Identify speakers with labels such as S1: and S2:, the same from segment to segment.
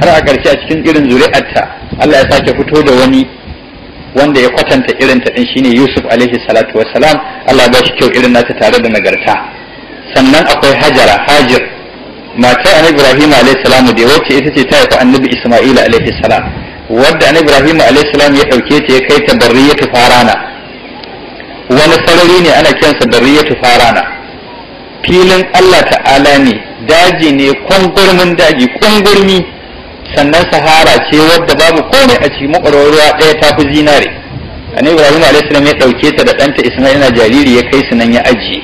S1: har a ƙarshe a cikin irin zuri'arta Allah ya sake fito da wani wanda ya kwatanta irin ta din shine Yusuf alaihi salatu salam Allah ya shi kyau irin nata tare da nagarta sannan akwai Hajara Hajir mata Annabi Ibrahim alaihi salam da wacce ita ce ta haifi Annabi Isma'il alaihi salam wadda Annabi Ibrahim alaihi salam ya ɗauke ta ya kai ta barriyatu farana wani sarari ne ana kiransa barriyatu farana filin Allah ta'ala ne daji ne kwangurmin daji kwangurmi sannan sahara ce wadda babu komai a ciki makwarorwa ɗaya ta fi zinare annabi ibrahim alaihissalam ya ɗauke ta da ɗanta isma'il na jariri ya kai su nan ya ajiye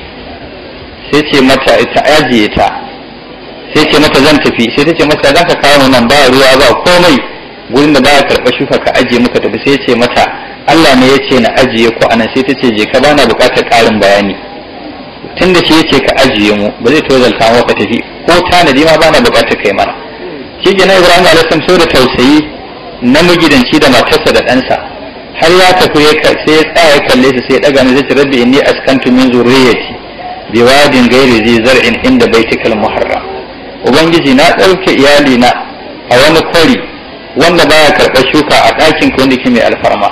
S1: sai ce mata ta ajiye ta sai ce mata zan tafi sai ta ce mata za ka kawo nan ba ruwa ba komai gurin da ba karɓa shuka ka ajiye muka tafi sai ce mata Allah ne ya ce na ajiye ku anan sai ta ce je ka bana buƙatar ƙarin bayani tun da shi ya ce ka ajiye mu ba zai tozalta mu ka tafi ko tanadi ma ba na bukatar kai mana shi ke na ibrahim alaihissalam so da tausayi na magidanci da matarsa da ɗansa har ya tafi sai ya tsaya kalle su sai ya ɗaga mai zai rabbi inni askantu min zurriyati bi wadin ghairi zai zar'in inda baitikal muharram ubangiji na ɗauke iyali na a wani kwari wanda baya karɓar shuka a ɗakin ka wanda ke mai alfarma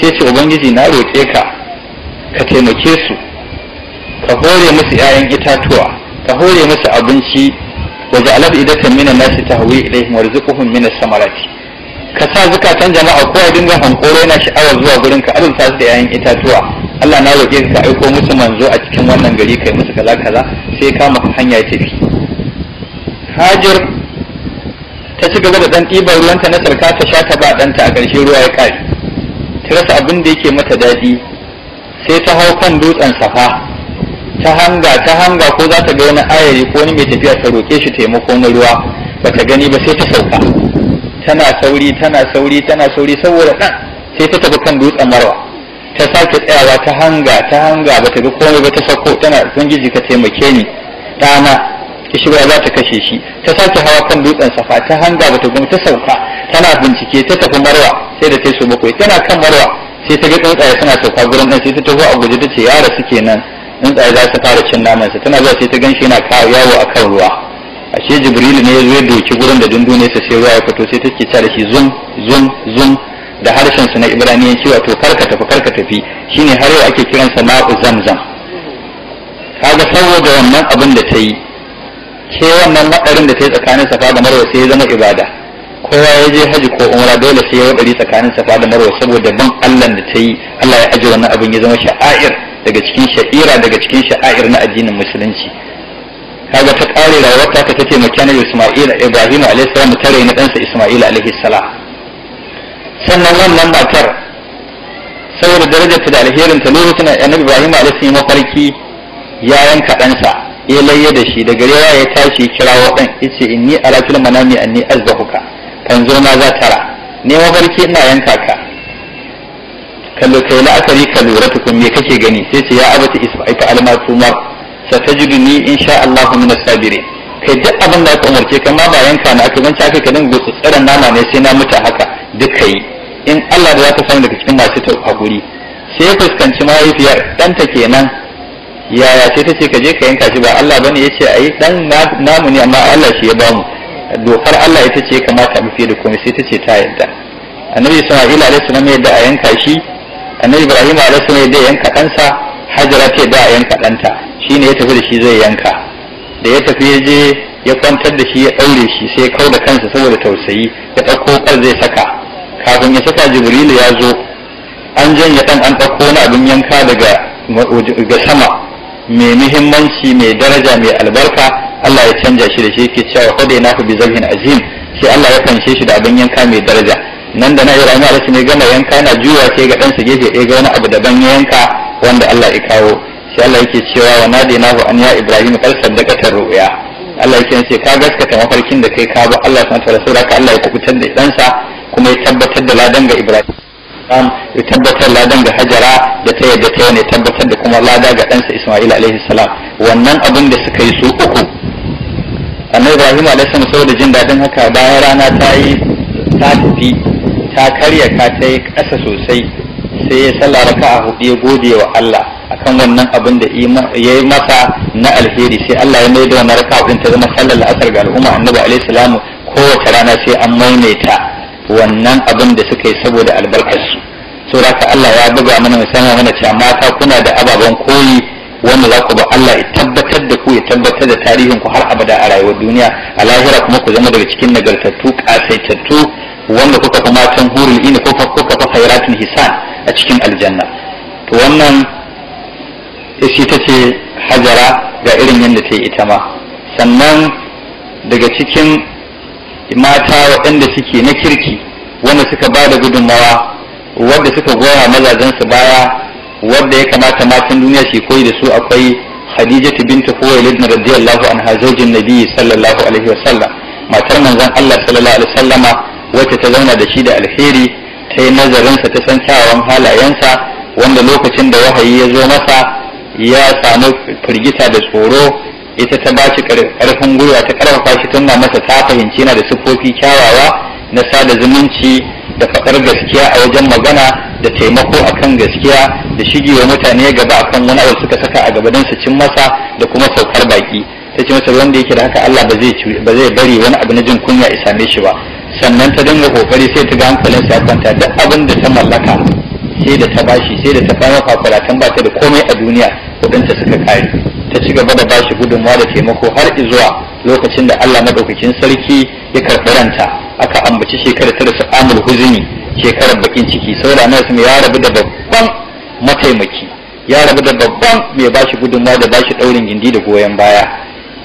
S1: sai ce ubangiji na roƙe ka ka taimake su ka hore musu 'ya'yan itatuwa ka hore musu abinci wa ja'alat idatan minan nasi tahwi ilaihim warzuquhum min as-samarati ka sa zakatan jama'a ko kowa dinga hankoro yana sha'awar zuwa gurin ka azurta su da 'ya'yan itatuwa Allah na roƙe ka aiko musu manzo a cikin wannan gari kai musu kaza kaza sai ka maka hanya tafi Hajar ta ci gaba da dan ɗibar ruwanta na sarka ta sha ta ba ɗanta a ƙarshe ruwa ya kare ta rasa abin da yake mata daɗi sai ta hau kan dutsen safa ta hanga ta hanga ko za ta ga wani ayari ko wani mai tafiya ta roƙe shi taimako na ruwa ba ta gani ba sai ta sauka tana sauri tana sauri tana sauri saboda ɗan sai ta tafi kan dutsen marwa ta sake tsayawa ta hanga ta hanga ba ta ga komai ba ta sauko tana gizi ka taimake ni ɗana kishirwa za ta kashe shi ta sake hawa kan dutsen safa ta hanga ba ta gumi ta sauka tana bincike ta tafi marwa sai da ta su bakwai tana kan marwa sai ta ga tsuntsaye suna sauka gurin ɗan sai ta taho a guje ta ce yara suke nan tsuntsaye za su fara cin namansa tana zuwa sai ta ganshi yana yana yawo a kan ruwa ashe Jibrilu ne ya zo ya doki gurin da ne sai ruwa ya fito sai ta ce da shi zum zum zum da harshen su na cewa wato karka tafi karka tafi shine har yau ake kiransa ma'u zamzam kaga saboda wannan abin da ta yi ke wannan waɗarin da ta yi tsakanin safa da marwa sai ya zama ibada kowa ya je haji ko umra dole sai ya waɗari tsakanin safa da marwa saboda ban allah da ta yi allah ya aje wannan abin ya zama sha'air daga cikin sha'ira daga cikin sha'air na addinin musulunci kaga ta kare rayuwar ta ta taimaka na Isma'il Ibrahim alayhi salam ta raina dansa Isma'il alayhi salam sannan wannan matar saboda darajar ta da alherin ta lokacin Annabi Ibrahim alaihi salam mafarki ya yanka ɗansa ya layya da shi daga rewa ya tashi kirawo dan yace inni ala manami anni azbahuka na za tara ne mafarki ina yanka ka kallo kai la'akari ka lura tukun me kake gani sai ce ya abati ta almatuma satajiduni insha Allah min as kai duk abin da aka umarce ka ma bayan ka na aka zance aka ka dinga tsaran nama ne sai na muta haka duk kai in Allah da zaka samu daga cikin masu ta hakuri sai fuskanci mahaifiyar ta kenan yaya sai ta ce ka je ka yanka shi ba Allah bane yace ayi dan namu ne amma Allah shi ya bamu dokar Allah ita ce kamata mu fi da komai sai ta ce ta yadda annabi sallallahu alaihi wasallam ya da a yanka shi annabi ibrahim rasu ne zai yanka ɗansa hajara ce da yanka ɗanta shi ne ya tafi da shi zai yanka da ya tafi ya je ya kwantar da shi ya ɗaure shi sai ya kau da kansa saboda tausayi ya ɗauko ƙar zai saka kafin ya saka jibrilu ya zo an janye ɗan an ɗauko wani abin yanka daga ga sama mai muhimmanci mai daraja mai albarka Allah ya canja shi da shi yake cewa kodai na ku bi zabhin azim sai Allah ya fanshe shi da abin yanka mai daraja nan da na Ibrahim alaihi ne gama yanka na juwa sai ga ɗansa gefe ɗaya ga wani abu daban ya yanka wanda Allah ya kawo sai Allah yake cewa wa na ba an ya Ibrahim kal saddaqata ru'ya Allah yake ce ka gaskata mafarkin da kai ka ba Allah ta wa ta'ala Allah ya kubutar da ɗansa kuma ya tabbatar da ladan ga Ibrahim ya tabbatar ladan ga hajara da ta yadda ta ne tabbatar da kuma lada ga ɗansa Ismail alaihi salam wannan abin da suka yi su uku annabi Ibrahim alaihi salam saboda jin dadin haka bayan rana ta yi ta tafi ta karya ka ta yi ƙasa sosai sai ya sallah raka a hudu ya gode wa Allah akan wannan abin da ya yi masa na alheri sai Allah ya mai da wannan raka ta zama sallar la'asar ga al'umma annabi alaihi salamu kowace rana sai an maimaita wannan abin da suka yi saboda albarkarsu saboda ka Allah ya buga mana musamman mana cewa mata kuna da ababen koyi wanda za ku ba Allah ya tabbatar da ku ya tabbatar da tarihin ku har abada a rayuwar duniya a lahira kuma ku zama daga cikin nagartattu kasaitattu wanda kuka fi matan hurin ini ko kuka fi khairatun hisan a cikin aljanna to wannan shi ta ce hajara ga irin yadda ta yi ita ma sannan daga cikin mata waɗanda suke na kirki wanda suka ba da gudunmawa wadda suka goya mazajensu baya wadda ya kamata matan duniya su koyi da su akwai khadijatu bintu khuwailid radiyallahu anha zaujin nabiyyi sallallahu alaihi sallam. matar manzon Allah sallallahu alaihi sallama. wacce ta zauna da shi da alheri ta yi nazarinsa ta san kyawawan halayensa wanda lokacin da wahayi ya zo masa ya samu firgita da tsoro ita ta ba shi karfin gwiwa ta karfafa shi tunna masa ta fahimci na da siffofi kyawawa na sada zumunci da faɗar gaskiya a wajen magana da taimako akan gaskiya da shige wa mutane gaba akan wani abu suka saka a gaba su cin masa da kuma saukar baki ta ce masa wanda yake da haka Allah ba zai bari wani abu na jin kunya ya same shi ba sannan ta dinga kokari sai ta ga hankalin sa kwanta duk abin da ta mallaka sai da ta bashi sai da ta fara kwakwalatan ba ta da komai a duniya kudin ta suka kare ta ci gaba da bashi gudunmawa da taimako har zuwa lokacin da Allah madaukakin sarki ya karɓi ranta aka ambaci shekarar ta da amul huzuni shekarar bakin ciki saboda annabi ya rabu da babban mataimaki ya rabu da babban mai bashi gudunmawa da bashi daurin gindi da goyon baya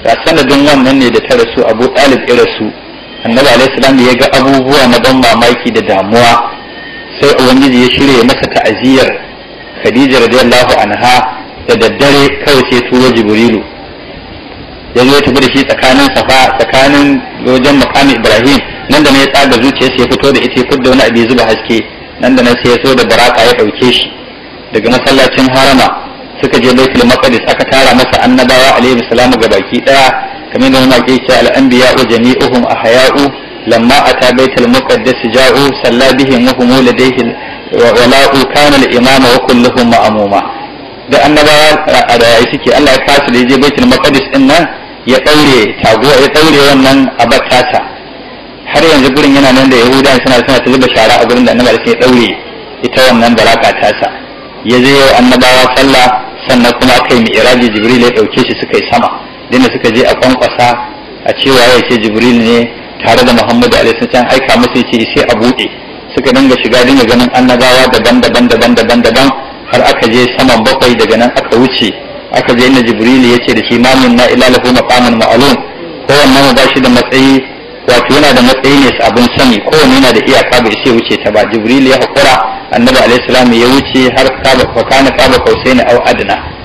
S1: ga sanadin wannan ne da ta rasu abu ɗalib ya rasu annabi alaihi salam ya ga abubuwa na ban mamaki da damuwa sai ubangiji ya shirya masa ta'aziyar khadija radiyallahu anha da daddare kawai sai turo jibrilu ya zo tafi da shi tsakanin safa tsakanin wajen makamin ibrahim nan da na ya tsaga zuciya sai ya fito da ita ya fudda wani abu zuba haske nan da nan sai ya so da baraka ya ɗauke shi daga masallacin harama suka je baitul maqdis aka tara masa annabawa alaihi salamu ga baki daya kamar da mama ke ce al'anbiya wa a haya'u lamma ta baitul muqaddas ja'u salla bihim wa hum ladayhi wala'u kana al-imam wa kulluhum ma'muma da annabawa a rayi suke Allah ya kasu da je baitul muqaddas din nan ya daure tago ya daure wannan abatata har yanzu gurin yana nan da yahuda suna suna ta zuba shara a gurin da annabawa sai daure ita wannan baraka tasa ya je annabawa sallah sannan kuma aka yi mi'raji jibril ya dauke shi suka yi sama dinda suka je a kwankwasa a cewa ya ce jibril ne tare da muhammadu alaihi can aika musu ce sai a buɗe suka dinga shiga dinga ganin annabawa daban daban daban daban daban har aka je saman bakwai daga nan aka wuce aka je inda jibril ya ce da shi mamin na ila lahu maqamun ma'lum kowanne ba shi da matsayi wato yana da matsayi ne abin sani kowanne yana da iyaka ba sai wuce ta ba jibril ya hakura annabi alaihi salam ya wuce har kaba kana kaba kausaini au adna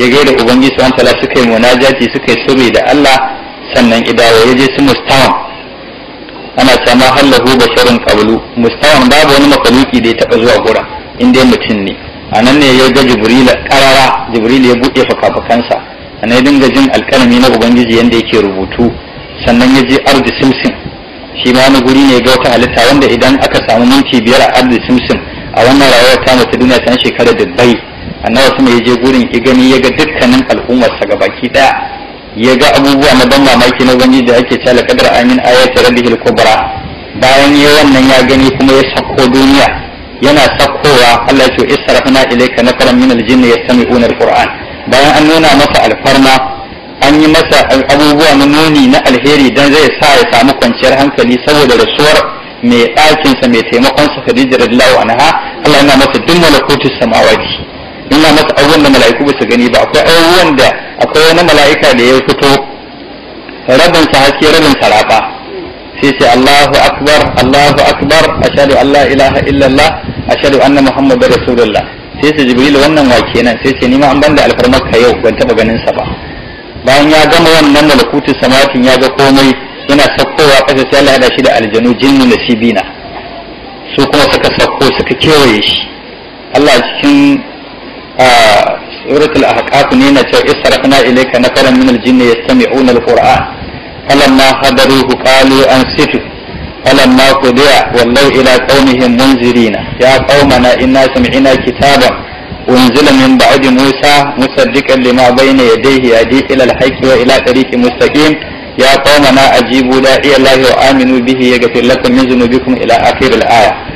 S1: ya gaida ubangiji sun tala suka yi munajati suka yi sirri da Allah sannan idawo ya je su mustawan ana ta ma basharun qablu mustawan babu wani makaluki da ya taba zuwa gura in dai mutum ne a nan ne ya ga jibril karara jibril ya buɗe fakafakansa a nan ya dinga jin alkalami na ubangiji yadda yake rubutu sannan ya je ardi simsim shi ma wani guri ne ga wata halitta wanda idan aka samu minti biyar a ardi simsim a wannan rayuwar ta mutu duniya ta shekara dubbai annabi kuma ya je gurin ki gani ya ga dukkanin al'ummarsa ga baki daya ya ga abubuwa na ban mamaki na wani da ake cewa kadar amin ayati rabbil kubra bayan ya wannan ya gani kuma ya sako duniya yana sakowa Allah ya ce israfna ilayka nafaran min aljinni yastami'una alquran bayan an nuna masa alfarma an yi masa abubuwa na nuni na alheri dan zai sa ya samu kwanciyar hankali saboda rasuwar mai ɗakinsa mai taimakon taimakonsa Khadija radhiyallahu anha Allah yana masa dukkan malakutus samawati Ina masa abubuwan da mala'iku ba su gani ba akwai abubuwan da akwai wani mala'ika da ya fito rabin sa haske rabin sa rafa sai Allahu akbar Allahu akbar ashhadu an la ilaha illallah ashhadu anna muhammadar rasulullah sai sai jibril wannan wa kenan sai ce nima an banda ka yau ban taba ganin sa ba bayan ya gama wannan malakutu samatin ya ga komai yana sakkowa kasa sai Allah ya shi da aljanu da nasibina su kuma suka sakko suka kewaye shi Allah cikin سورة الأحقاف نينا إسرقنا إليك نفرا من الجن يستمعون القرآن فلما حضروه قالوا أنصتوا فلما قضي ولوا إلى قومهم منذرين يا قومنا إنا سمعنا كتابا أنزل من بعد موسى مصدقا لما بين يديه يهدي إلى الحق وإلى طريق مستقيم يا قومنا أجيبوا داعي الله وآمنوا به يغفر لكم من ذنوبكم إلى آخر الآية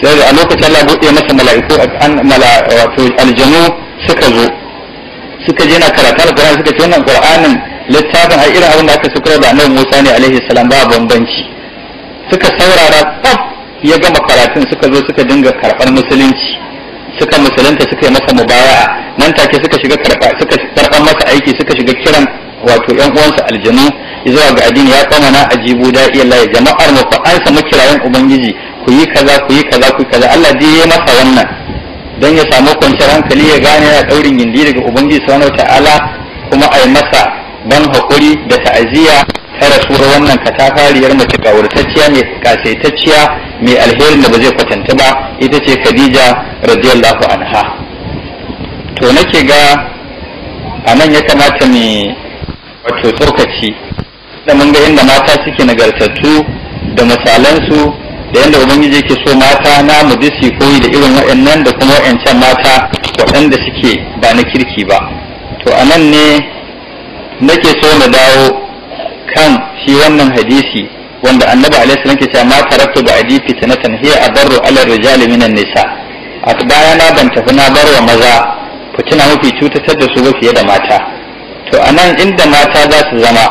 S1: sai a lokacin Allah buɗe masa mala'iku wato aljanu suka zo suka je na karatu alqur'ani suka ce wannan qur'anin littafin a irin abin da aka sukar da annabi Musa ne alaihi salam ba bambanci suka saurara tsaf ya gama karatun suka zo suka dinga karɓar musulunci suka musulunta suka yi masa mubaya'a nan take suka shiga karɓa suka karɓar masa aiki suka shiga kiran wato yan uwansa aljanu zuwa ga addini ya kamana ajibu da iya jama'a jama'ar mu fa an samu kirayen ubangiji ku yi kaza ku yi kaza ku yi kaza Allah dai ya masa wannan don ya samu kwanciyar hankali ya gane ya daurin yindi daga ubangiji ta ta'ala kuma ai masa ban hakuri da ta'aziyya ta rasuwar wannan katafariyar mace gawurtacciya mai kasaitacciya mai alherin da ba zai kwatanta ba ita ce Khadija radiyallahu anha to nake ga a nan ya kamata mai wato tsokaci da mun ga inda mata suke nagartattu da misalansu da yadda ubangiji yake so mata na mu disi koyi da irin waɗannan da kuma waɗancan mata waɗanda suke ba na kirki ba to a nan ne nake so na dawo kan shi wannan hadisi wanda annabi alaihi salam ke cewa ma taraktu ba adi a hiya adarru ala rijali minan nisa a baya na ban tafi na bar wa maza fitina mafi cutatar da su ba fiye da mata to a nan inda mata za su zama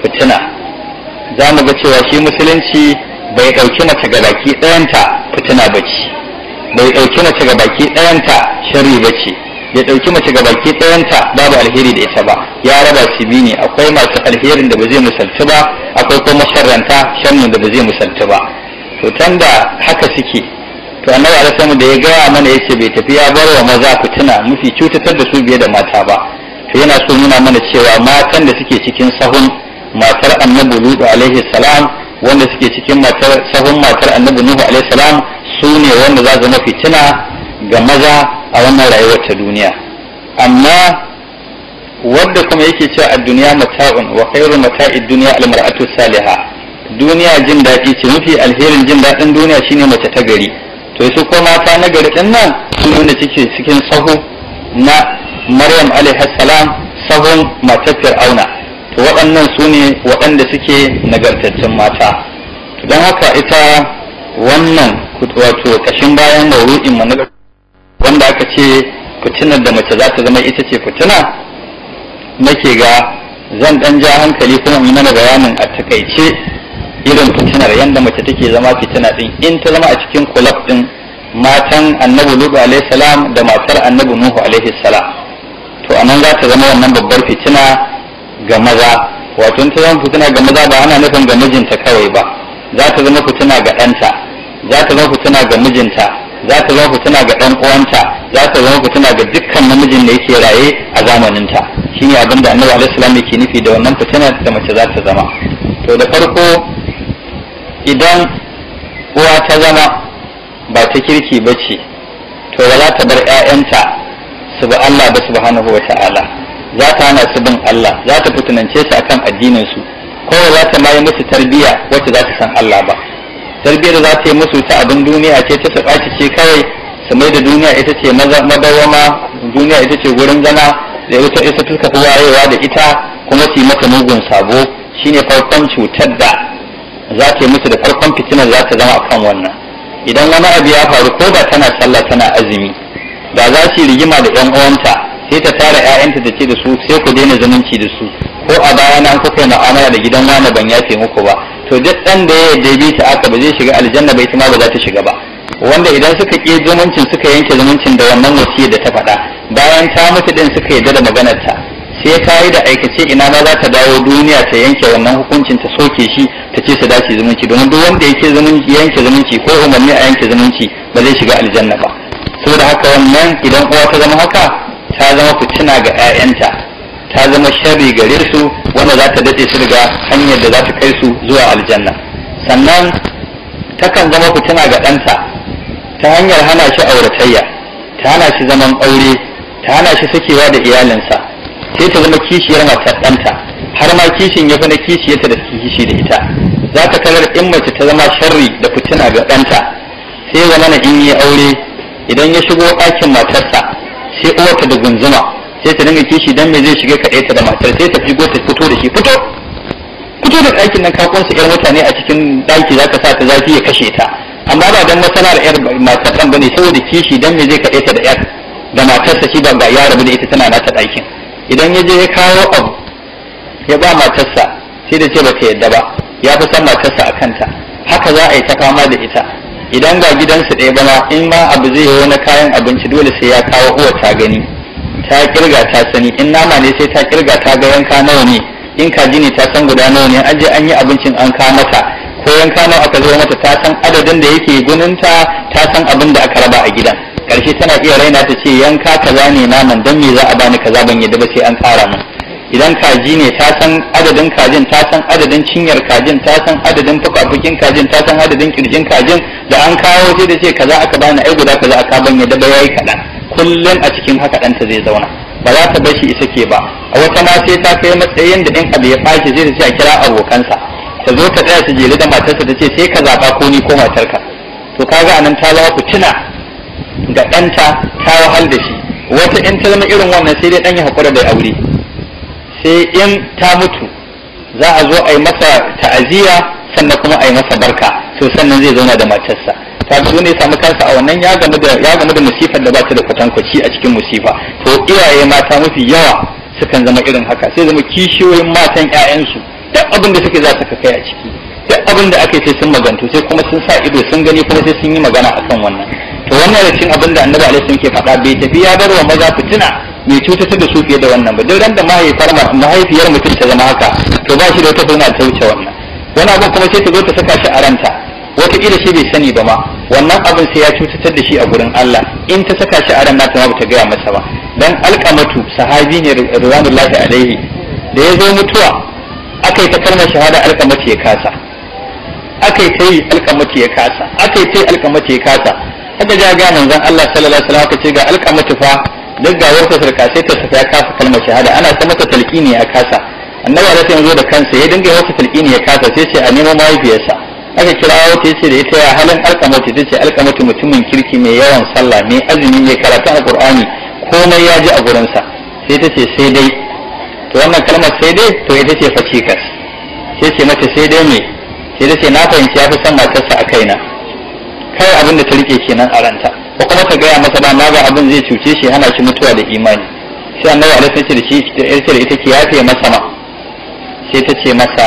S1: fitina za mu ga cewa shi musulunci bai ɗauki mace ga baki ɗayanta fitina ba ce bai ɗauki mace ga baki ɗayanta shari ba ce bai ɗauki mace ga baki ɗayanta babu alheri da ita ba ya raba su bi ne akwai masu alherin da ba zai musaltu ba akwai kuma sharranta shannu da ba zai musaltu ba to tun da haka suke to annabi alaihi da ya gaya mana ya ce bai tafi ya bar wa maza fitina mafi cutatar da su biye da mata ba to yana so nuna mana cewa matan da suke cikin sahun matar annabi lutu alaihi salam wanda suke cikin matar sahun matar annabi nuhu alaihi salam su ne wanda za zama fitina ga maza a wannan rayuwar ta duniya amma wanda kuma yake cewa a duniya mata'un wa khairu mata'id duniya al-mar'atu salihah duniya jin daɗi ce mafi alherin jin daɗin duniya shine mace ta gari to su ko mata na gari din nan su nuna cikin cikin sahu na maryam alaihi salam sahun matar fir'auna waɗannan su ne waɗanda suke nagartaccen mata don haka ita wannan wato ƙashin bayan mauru'in mu wanda aka ce fitinar da mace za ta zama ita ce fitina nake ga zan ɗan ja hankali kuma yi mana bayanin a takaice irin fitinar yadda mace take zama fitina ɗin in ta zama a cikin kulab ɗin matan annabi lubu alaihi salam da matar annabi nuhu alaihi salam to anan za ta zama wannan babbar fitina ga maza wato in ta zama fitina ga maza ba ana nufin ga mijinta kawai ba za ta zama fitina ga ɗanta za ta zama fitina ga mijinta za ta zama fitina ga ɗan uwanta za ta zama fitina ga dukkan namijin da yake raye a zamaninta Shi ne abin da annabi alaihi salam yake nufi da wannan fitina da mace za ta zama to da farko idan uwa ta zama ba ta kirki ba ce to ba za ta bar 'ya'yanta su ba Allah ba subhanahu wa ta'ala za ta hana su bin Allah za ta fitinance su akan addinin su ko za ta mai musu tarbiyya wacce za ta san Allah ba tarbiyyar za ta yi musu ta abin duniya ce ta sabaci ce kawai su mai da duniya ita ce madawama duniya ita ce gurin zana da ita ita fuska ta wayewa da ita kuma su yi mata mugun sabo shine farkon cutar da za ta yi musu da farkon fitinar za ta zama akan wannan idan wani abu ya faru ko ba tana sallah tana azumi Ba za su yi rigima da 'yan uwanta sai ta tara ƴaƴanta ta ce da su sai ku daina zumunci da su ko a baya na kuka yi ma'amala da gidan wani ban yafe muku ba to duk ɗan da ya yarda bi ta aka ba zai shiga aljanna bai ita ma ba za ta shiga ba wanda idan suka ƙi zumuncin suka yanke zumuncin da wannan wasiyar da ta faɗa bayan ta mutu ɗin suka yarda da maganar ta sai ta yi da aikace ina ma za ta dawo duniya ta yanke wannan hukuncin ta soke shi ta ce su dace zumunci domin duk wanda yake yanke zumunci ko umarni a yanke zumunci ba zai shiga aljanna ba saboda haka wannan idan uwa ta zama haka ta zama fitina ga 'ya'yanta ta zama sharri gare su wanda za ta dace su daga hanyar da za ta kai su zuwa aljanna sannan takan zama fitina ga ɗanta ta hanyar hana shi auratayya ta hana shi zaman aure ta hana shi sakewa da iyalinsa sai ta zama kishiyar matar ɗanta har ma kishin ya fi na kishiyarta da kishi da ita za ta karar in mace ta zama sharri da fitina ga ɗanta sai zama na in yi aure idan ya shigo ɗakin matarsa sai uwarta da gunzuma, sai ta dinga kishi dan me zai shiga kaɗai ta da matar sai ta fito ta fito da shi fito fito da ɗakin nan kafin su ƴan mutane a cikin ɗaki za ka sa ta zafi ya kashe ta amma ba dan da ƴar matar ɗan bane saboda kishi dan me zai kaɗai ta da ƴar da matarsa shi ba ga ya rabu da ita tana nata ɗakin idan ya je ya kawo abu ya ba matarsa sai da ce ba ta yadda ba ya fi san matarsa a kanta haka za a yi ta fama da ita idan ba gidansu ɗaya ba in ma abu zai yi wani kayan abinci dole sai ya kawo uwar ta gani ta kirga ta sani in nama ne sai ta kirga ta ga yanka nawa ne in kaji ne ta san guda nawa ne an je an yi abincin an ka mata ko yanka nawa aka zo mata ta san adadin da yake guninta ta san abin da aka raba a gidan karshe tana iya raina ta ce yanka kaza ne naman don me za a bani kaza ban yadda ba sai an kara mun idan kaji ne ta san adadin kajin ta san adadin cinyar kajin ta san adadin fukafukin kajin ta san adadin kirjin kajin da an kawo sai da ce kaza aka bani ai guda kaza aka ban yadda ba yayi kaɗan kullum a cikin haka ɗanta zai zauna ba za ta bar isa ke ba a wata ma sai ta kai matsayin da din abu ya ɓaci sai da ce a kira abokansa ta zo ta tsaya ta jeli da matarsa ta ce sai ka zaɓa ko ni ko matarka to ga anan ta ku tuna. ga ɗanta ta wahal da shi wata in ta zama irin wannan sai dai ɗan ya hakura bai aure sai in ta mutu za a zo a yi masa ta'aziyya sannan kuma a yi masa barka to sannan zai zauna da matarsa ta zo ne samu kansa a wannan ya game da ya game da musifar da ba ta da kwatankwaci a cikin musifa to iyaye mata mafi yawa sukan zama irin haka sai zama kishiyoyin matan 'ya'yansu duk abin da suke za su kai a ciki duk abin da ake sun magantu sai kuma sun sa ido sun gani kuma sai sun yi magana akan wannan to wannan da cin abin da annabi alaihi ke faɗa bai tafi ya bar wa maza fitina Mai cutar da su fiye da wannan ba duk da mahaifiyar mahaifiyar mutum ta zama haka to ba shi da wata bana ta wuce wannan wani abin kuma sai ta zo ta saka shi a ranta wata kila shi bai sani ba ma wannan abin sai ya cutar da shi a gurin Allah in ta saka shi a ranta nata ma ta gaya masa ba dan alqamatu sahabi ne radiyallahu alaihi da ya zo mutuwa aka yi ta kalmar shahada alqamati ya kasa aka yi ta yi alqamati ya kasa aka yi ta yi alqamati ya kasa haka ja ga manzon Allah sallallahu alaihi wasallam aka ce ga alqamati fa duk wata ta sai ta ta kasa kalmar shahada ana ta mata talqini a kasa annabi da zo da kansa ya dinga mata talqini ya kasa sai ce a nemo mahaifiyarsa aka kira wata yace da ita ya halin ta ce alkamati mutumin kirki mai yawan sallah mai azumi mai karatu alqur'ani komai ya ji a gurinsa sai ta ce sai dai to wannan kalmar sai dai to ita ce facikas sai ce mata sai dai me sai ta ce na fahimci ya fi son matarsa a kaina kai abin da ta rike kenan a ranta ko kuma ka gaya masa ba ma ga abin zai cuce shi hana shi mutuwa da imani sai annabi alaihi ce da shi ita da ita ke yafe masa ma sai ta ce masa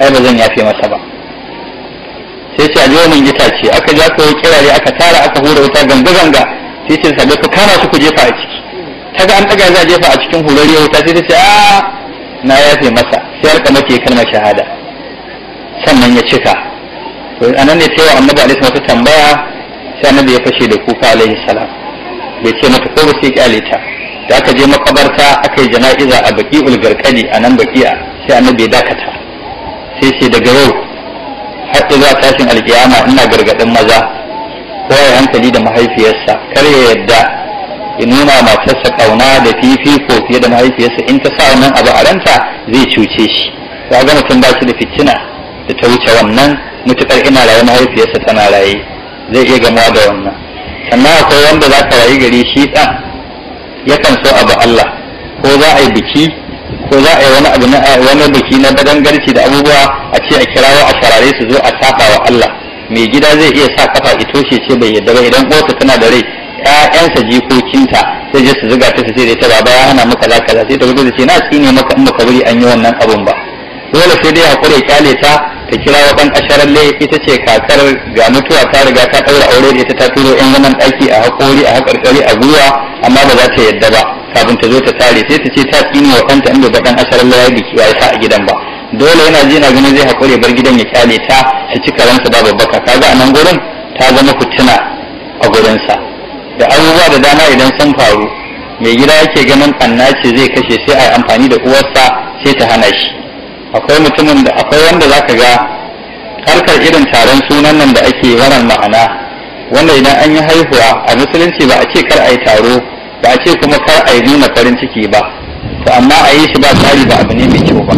S1: ai ba zan yafe masa ba sai ce a je gita ce aka ja ko kirare aka tara aka hura wuta ganga ganga sai ce sabe ka kama su ku jefa a ciki ta ga an daga za jefa a cikin horariyar wuta sai ta ce a ah, na yafe masa sai alka mace kalmar shahada sannan ya cika to anan ne sai wa annabi alaihi ta tambaya sai annabi ya fashe da kuka alaihi salam bai ce mata ko ba sai kyale ta da aka je makabarta aka yi jana'iza a baki ulgarkali a nan baki'a sai annabi ya dakata sai ce daga yau har zuwa tashin alkiyama ina gargadin maza Ko ya hankali da mahaifiyarsa kar ya yadda ya nuna matarsa kauna da fifiko fiye da mahaifiyarsa in ta sa wannan abu a ranta zai cuce shi ya ga mutum ba shi da fitina da ta wuce wannan mutukar ina raye mahaifiyarsa tana raye zai iya gamawa da wannan sannan akwai wanda za ka rayu gari shi ɗan yakan so abu Allah ko za a yi biki ko za a yi wani abu na wani biki na badangarci da abubuwa a ce a kirawo a sharare su zo a saka wa Allah mai gida zai iya sa kafa ito shi ce bai yadda ba idan uwarsa tana da rai ƴaƴansa jikokinta sai je su zuga ta su ce da ita baba ya hana maka laka sai ta gudu da ce na tsine maka in baka wuri an yi wannan abun ba dole sai dai hakuri kyale ta ta kira wa ban asharalle ita ce kakar ga mutuwa ta riga ta ɗaura aure da ita ta turo yan zaman aiki a hakori a hakarkari a gwiwa amma ba za ta yadda ba kafin ta zo ta tare sai ta ce ta tsini wa kanta inda ba ɗan ashirin asharalle ya biki ya a gidan ba dole yana ji na ganin zai hakuri bar gidan ya kyale ta ta cika ransa ba babbaka kaga a nan gurin ta zama kutuna a gurinsa da abubuwa da dama idan sun faru mai gida yake ganin ɓanna ce zai kashe sai a yi amfani da uwarsa sai ta hana shi akwai mutumin da akwai wanda za ka ga harkar irin taron sunan nan da ake wannan ma'ana wanda idan an yi haihuwa a musulunci ba a ce kar a yi taro ba a ce kuma kar a yi nuna farin ciki ba to amma a yi shi ba tsari ba abu ne mai kyau ba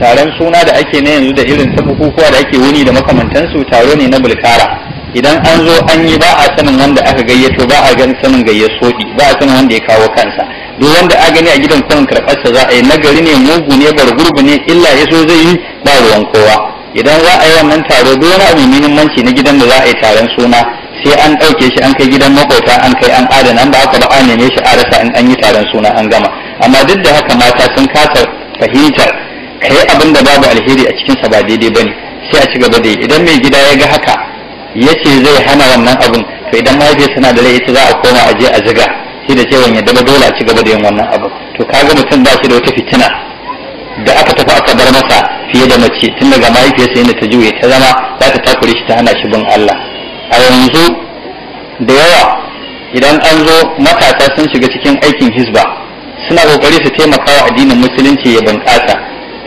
S1: taron suna da ake na yanzu da irin ta bukukuwa da ake wuni da makamantansu taro ne na bulkara idan an zo an yi ba a sanin wanda aka gayyato ba a gan sanin gayyato ba a sanin wanda ya kawo kansa duk wanda a gani a gidan kan karɓarsa za a yi nagari ne mugu ne bar gurbu ne illa ya so zai yi ba ruwan kowa idan za a yi wannan taro duk wani abu muhimmanci na gidan da za a yi taron suna sai an ɗauke shi an kai gidan makwabta an kai an adana an ba aka ba an neme shi a rasa in an yi taron suna an gama amma duk da haka mata sun kasa fahimtar kai abin da babu alheri a cikinsa ba daidai ba ne sai a ci gaba da idan mai gida ya ga haka ya ce zai hana wannan abin to idan mahaifiyarsa na da rai za a koma a je a ziga shi da cewa yadda ba dole a ci gaba da yin wannan abu to kaga mutum ba shi da wata fitina da aka tafi aka bar masa fiye da mace tun daga mahaifiyarsa yadda ta juye ta zama za ta takure shi ta hana shi bin Allah a yanzu da yawa idan an zo matasa sun shiga cikin aikin hisba suna kokari su taimaka wa addinin musulunci ya bunƙasa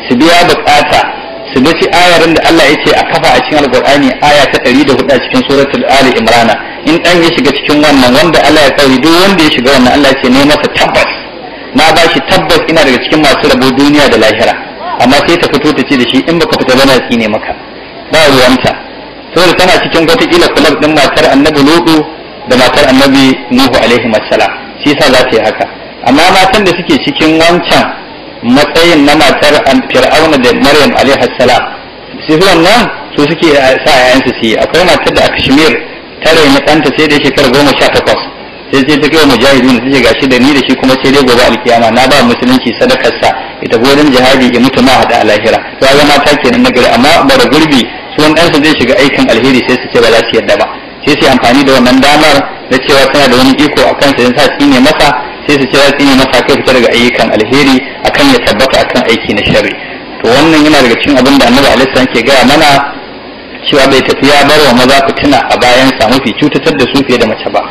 S1: su biya bukata su ga shi ayar da Allah ya ce a kafa a cikin alkur'ani aya ta ɗari da hudu a cikin suratul ali imrana in ɗan ya shiga cikin wannan wanda Allah ya tsari duk wanda ya shiga wannan Allah ya ce ne masa tabbas na ba shi tabbas ina daga cikin masu rabo duniya da lahira amma sai ta fito ta ce da shi in baka fita bana tsine maka ba ruwanta saboda tana cikin watakila kulab din matar annabi Luɗu da matar annabi nuhu alaihi masala shi yasa za ta yi haka amma matan da suke cikin wancan matsayin na matar fir'auna da maryam alaihi salam su nan su suke sa yayansu su yi akwai matar da aka shimir ta raina ɗanta sai da shekara goma sha takwas sai sai ta kai mujahidin ta ce gashi da ni da shi kuma sai dai gobe alkiyama na ba musulunci sadakarsa ita gurin jihadi ya mutu ma hada a lahira to ga mata kenan na gari amma bara gurbi su wani ɗansa zai shiga aikin alheri sai su ce ba za su yadda ba sai su amfani da wannan damar na cewa suna da wani iko a kansa yin sa tsine masa sai su kira tsini masa kai fita daga ayyukan alheri akan ya tabbata akan aiki na sharri to wannan yana daga cikin abin da annabi alaihi ke gaya mana cewa bai tafi ya bar wa maza tuna a bayan sa mafi cutatar da su fiye da mace ba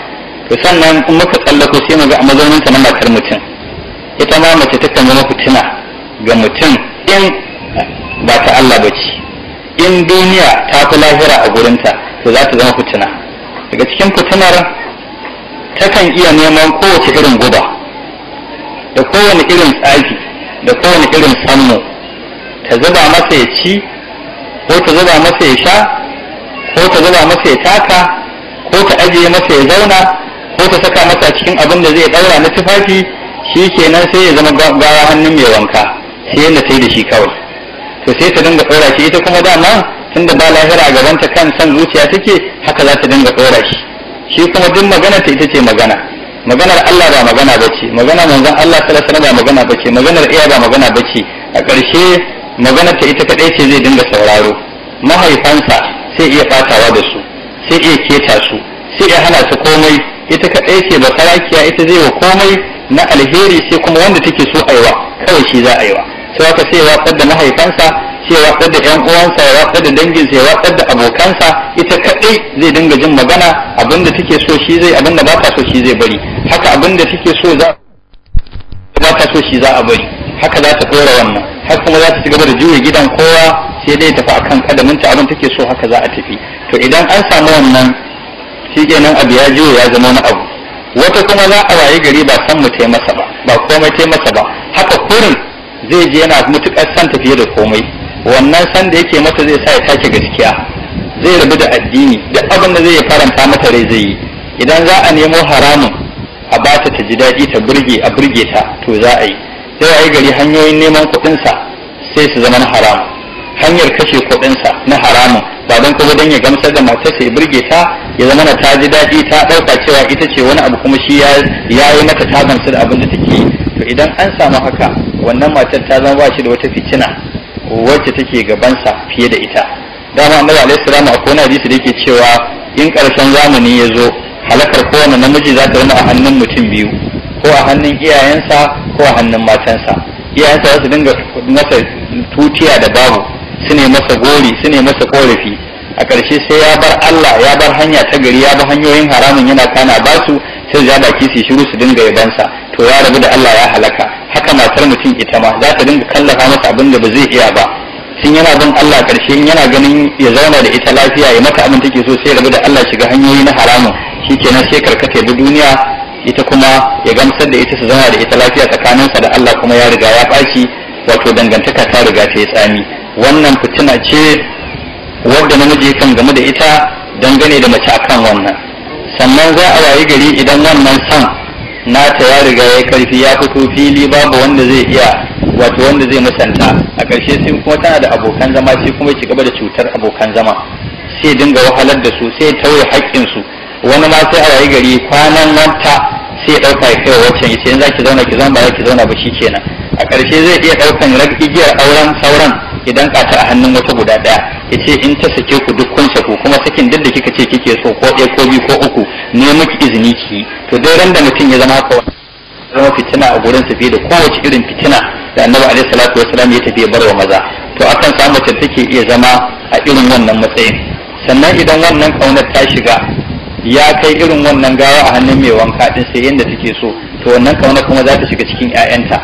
S1: to sannan in muka tsallako sai mu ga mazaunin ta na matar mutum ita ma mace ta kan zama fitina ga mutum in ba ta Allah ba ce in duniya ta fi lahira a gurinta to za ta zama fitina daga cikin fitinar takan iya neman kowace irin guba da kowane irin tsaki da kowane irin sammo ta zuba masa ya ci ko ta zuba masa ya sha ko ta zuba masa ya taka ko ta ajiye masa ya zauna ko ta saka masa cikin abin da zai daura na tufafi shi kenan sai ya zama gawa hannun mai wanka sai yadda sai da shi kawai to sai ta dinga ɗora shi ita kuma dama tunda ba lahira gabanta kan san zuciya take haka za ta dinga ɗora shi shi kuma duk magana ta ita ce magana maganar Allah ba magana bace magana manzon Allah sallallahu alaihi wasallam ba magana bace maganar iya ba magana bace a ƙarshe magana ta ita kadai ce zai dinga sauraro mahaifansa sai iya fatawa da su sai iya keta su sai iya hana su komai ita kaɗai ce ba sarakiya ita zai wa komai na alheri sai kuma wanda take so aiwa kawai shi za a yi wa sai aka sai ya watsar da mahaifansa shi ya watsar da yan uwansa ya watsar da danginsa ya watsar da abokansa ita kadai zai dinga jin magana abinda take so shi zai abinda ba ta so shi zai bari haka abinda take so za ba ta so shi za a bari haka za ta kora wannan har kuma za ta ci gaba da juya gidan kowa sai dai tafi akan kadaminta abin take so haka za a tafi to idan an samu wannan shi kenan abu ya juya ya zama na abu wata kuma za a waye gari ba san mu masa ba ba komai masa ba haka kurin zai je yana mutukar san tafiye da komai wannan san da yake mata zai sa ya sake gaskiya zai rabu da addini da abin da zai faranta mata rai zai yi idan za a nemo haramun a bata ta ji daɗi ta burge a burge ta to za a yi sai a yi gari hanyoyin neman kuɗinsa sai su zama na haramu. hanyar kashe kuɗinsa na haramun ba don kuma don ya gamsar da matarsa ya burge ta ya zama na ta ji daɗi ta ɗauka cewa ita ce wani abu kuma shi ya yi mata ta gamsu da abin da take yi to idan an samu haka wannan matar ta zama ba shi da wata fitina wacce take gabansa fiye da ita dama annabi alaihi salamu a kona hadisi da yake cewa in karshen zamani ya zo halakar kowane namiji za ta zama a hannun mutum biyu ko a hannun iyayensa ko a hannun matansa iyayensa za su dinga masa tutiya da babu su ne masa gori su ne masa korafi a ƙarshe sai ya bar Allah ya bar hanya ta gari ya bar hanyoyin haramun yana kana basu sai ya baki su shiru su dinga yabansa to ya rabu da Allah ya halaka haka matar mutum ita ma za ta dinga kallafa masa abin da ba zai iya ba sun yana bin Allah karshe yana ganin ya zauna da ita lafiya ya mata abin take so sai rabu da Allah shiga hanyoyi na haramun shikenan sai karkata bi duniya ita kuma ya gamsar da ita su zauna da ita lafiya tsakaninsa da Allah kuma ya riga ya baci wato dangantaka ta riga ta yi tsami wannan fitina ce wadda namiji kan game da ita dangane da mace akan wannan sannan za a wayi gari idan wannan san nata ya riga ya karfi ya fito fili babu wanda zai iya wato wanda zai musanta a ƙarshe sai kuma tana da abokan zama sai kuma ci gaba da cutar abokan zama sai dinga wahalar da su sai tauye haƙƙin su wani ma sai a rayu gari kwanan wanta sai ɗauka ya kai wacce ya ce in za ki zauna ki zauna ba za ki zauna ba shi kenan a ƙarshe zai iya ɗaukan igiyar auren sauran idan ƙata a hannun wata guda ɗaya yace in ta sake ku duk kun ku kuma sakin duk da kika ce kike so ko ɗaya ko biyu ko uku ne miki izini ki to dai ran da mutum ya zama haka zama fitina a gurin tafi da kowace irin fitina da annabi alaihi salatu wassalam ya tafi barwa maza to akan samu ta take iya zama a irin wannan matsayin sannan idan wannan kaunar ta shiga ya kai irin wannan gawa a hannun mai wanka din sai yadda take so to wannan kaunar kuma za ta shiga cikin 'ya'yanta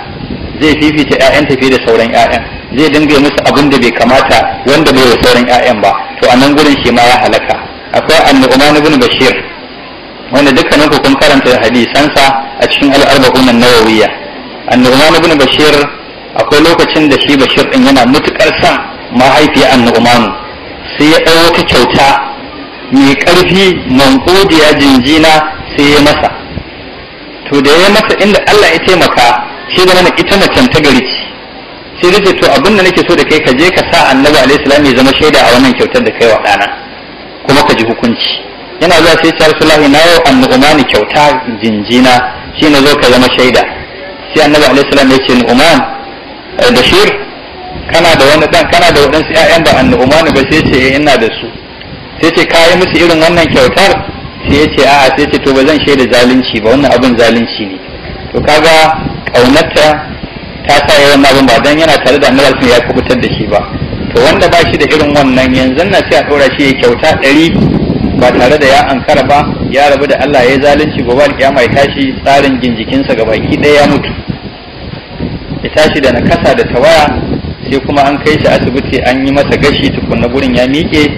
S1: zai fifita 'ya'yanta fiye da sauran 'ya'yan zai dinga yi musu abin da bai kamata wanda bai wa sauran 'ya'yan ba to a nan gurin shi ma ya halaka akwai umar ibn bashir wanda dukkanin ku kun karanta hadisansa a cikin al'arba'un annu umar ibn bashir akwai lokacin da shi bashir ɗin yana mutukar sa mahaifiya umar sai ya ɗau wata kyauta mai ƙarfi ƙodiya jinjina sai ya masa to da ya masa inda Allah ya taimaka shi mana ita macen ta gari ce sai nace to abin da nake so da kai ka je ka sa annabi alaihi salam ya zama shaida a wannan kyautar da kai wa ɗana kuma ka ji hukunci yana zuwa sai ya rasulullahi na yau ni kyauta jinjina shi na zo ka zama shaida sai annabi alaihi salam ya ce nu'uman eh, bashir kana da wani dan kana da waɗansu ƴaƴan ba ni ba sai ce eh, ina da su sai ce kayi musu irin wannan kyautar sai ya ce a'a sai ce to ba zan shaida zalunci ba wannan abin zalunci ne to kaga kaunarta ta sa ya abin ba dan yana tare da annabi sun ya kubutar da shi ba to wanda ba shi da irin wannan yanzu na sai a ɗora shi ya kyauta ɗari ba tare da ya ankara ba ya rabu da Allah ya yi zalunci gobe alƙiyama ya tashi tsarin ginjikinsa ga baki ɗaya ya mutu ya tashi da nakasa da tawaya sai kuma an kai shi asibiti an yi masa gashi tukunna gurin ya miƙe